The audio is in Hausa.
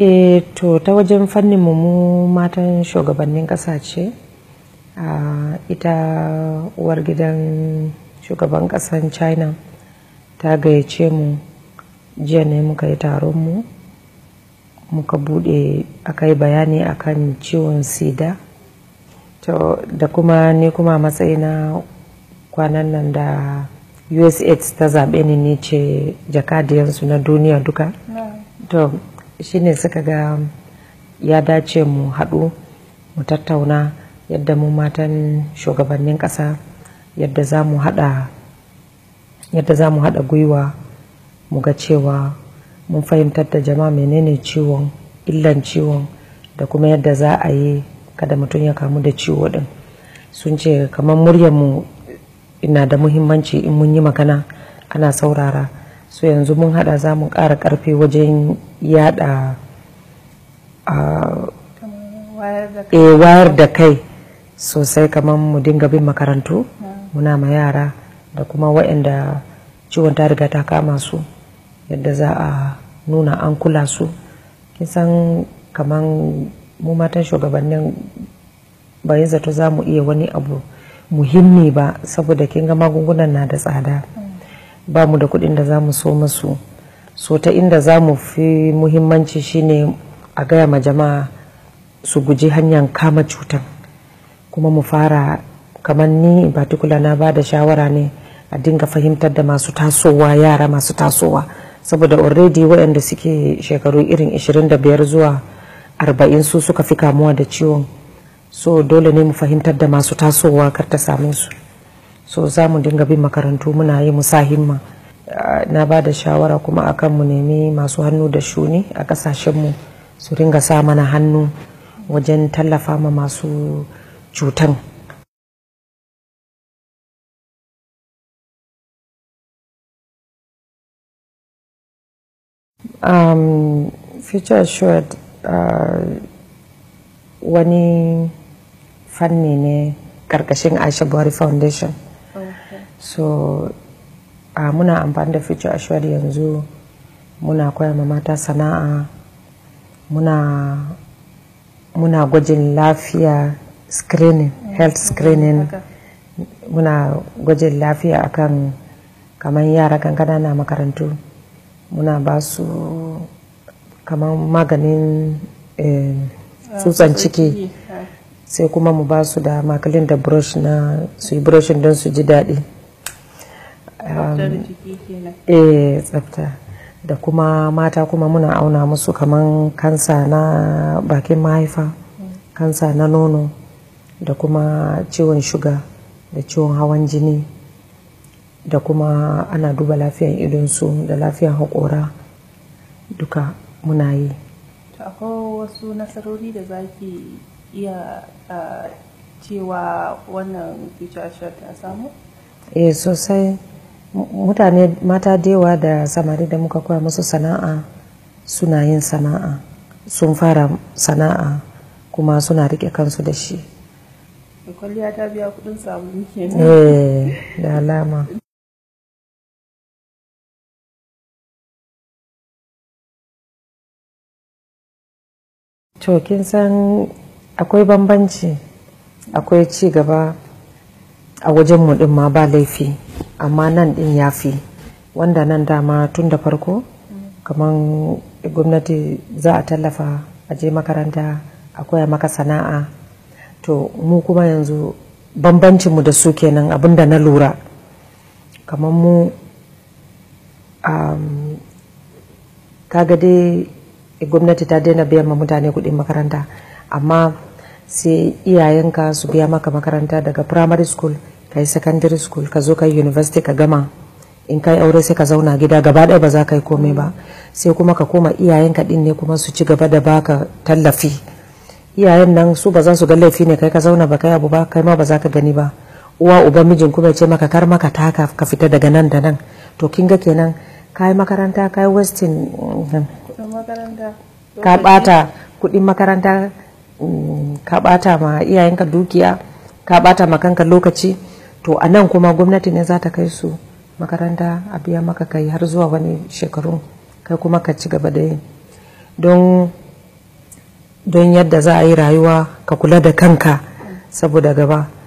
Eh, to ta wajen fannin mu matan shugabannin kasashe ita uwar gidan shugaban kasan china ta gayyace mu jiya ne muka yi taron mu muka bude akai bayani akan ciwon sida to da kuma ni kuma matsayina kwanan nan da U.S.A ta zaɓe ni ne ce jakadiyansu na duniya duka ne suka ga ya dace mu haɗu mu tattauna yadda mu matan shugabannin ƙasa yadda za mu haɗa gwiwa mu ga cewa mun fahimtar da jama'a menene ciwon illan ciwon da kuma yadda za a yi kada mutum ya kamu da ciwo ɗin sun ce kamar muryarmu ina da muhimmanci in mun yi magana ana saurara so yanzu mun hada za mu ƙara ƙarfi wajen yada eh, wayar da kai sosai kamar mu dinga bin makarantu muna ma yara da kuma waɗanda ciwon ta riga ta kama su yadda za a nuna an kula su kisan kamar mu matan shugabannin bayan zato za mu iya wani abu muhimmi ba saboda kin ga magungunan na da tsada. ba mu da kuɗin da za mu so masu so ta inda za mu fi muhimmanci shine a gaya ma jama'a su guji hanyar kama cutan kuma mu fara kamar ni in particular na ba da shawara ne a dinga fahimtar da masu tasowa yara masu tasowa saboda already waɗanda suke shekaru irin 25 zuwa 40 su suka fi kamuwa da ciwon so dole ne mu fahimtar da masu tasowa kar ta same su so za mu dinga bin makarantu muna yi musa himma ah, na ba da shawara kuma akan mu nemi masu hannu da shuni a kasashenmu su ringa sa mana hannu wajen tallafa ma masu cutan um, future assured uh, wani fanni ne karkashin aisha buhari foundation so a muna amfani da future assured yanzu muna koya ma mata sana'a muna muna gwajin lafiya screening health screening muna gwajin lafiya akan kamar yara kankana na makarantu muna ba su kamar maganin eh, ah, tsutsan ciki ah. sai kuma mu ba su da makalin da brush na su yi brushin don su ji daɗi Um, eh tsafta da kuma mata kuma muna auna musu kamar kansa na bakin mahaifa kansa na nono da kuma ciwon shuga da ciwon hawan jini da kuma ana duba lafiyan idonsu da lafiyan haƙora duka muna yi akwai wasu nasarori da za ki iya cewa wannan cuta ta samu? eh sosai mutane mata da yawa da samari da muka koya musu sana'a suna yin sana'a sun fara sana'a kuma suna rike kansu da shi kwalliya ta biya kudin sabulu kenan eh da alama to kin san akwai bambanci akwai ci gaba a wajen mu ma ba laifi amma nan din ya fi wanda nan dama tun da farko kamar gwamnati za a tallafa a je makaranta a koya maka sana'a to mu kuma yanzu bambancinmu da su kenan da na lura kamar mu um, kaga dai gwamnati ta daina biyan ma mutane kuɗin makaranta amma sai iyayenka su biya maka makaranta daga primary school ka yi secondary school ka zo ka university ka gama in kai aure sai ka zauna gida gaba ɗaya ba za ka yi komai ba sai kuma ka koma iyayenka ɗin ne kuma su ci gaba da baka tallafi iyayen nan su ba za su ga laifi ne kai ka zauna ba kai abu ba kai ma ba za ka gani ba uwa uba mijin kuma ce maka kar maka taka ka fita daga nan da nan to kin ga kenan kai makaranta kai western. ka bata kudin makaranta ka bata mm, mm, ma iyayenka dukiya ka bata ma kanka lokaci to a nan kuma gwamnati ne za ta kai su makaranta a biya maka kai har zuwa wani shekaru kai kuma ka ci gaba da yin don don yadda za a yi rayuwa ka kula da kanka saboda gaba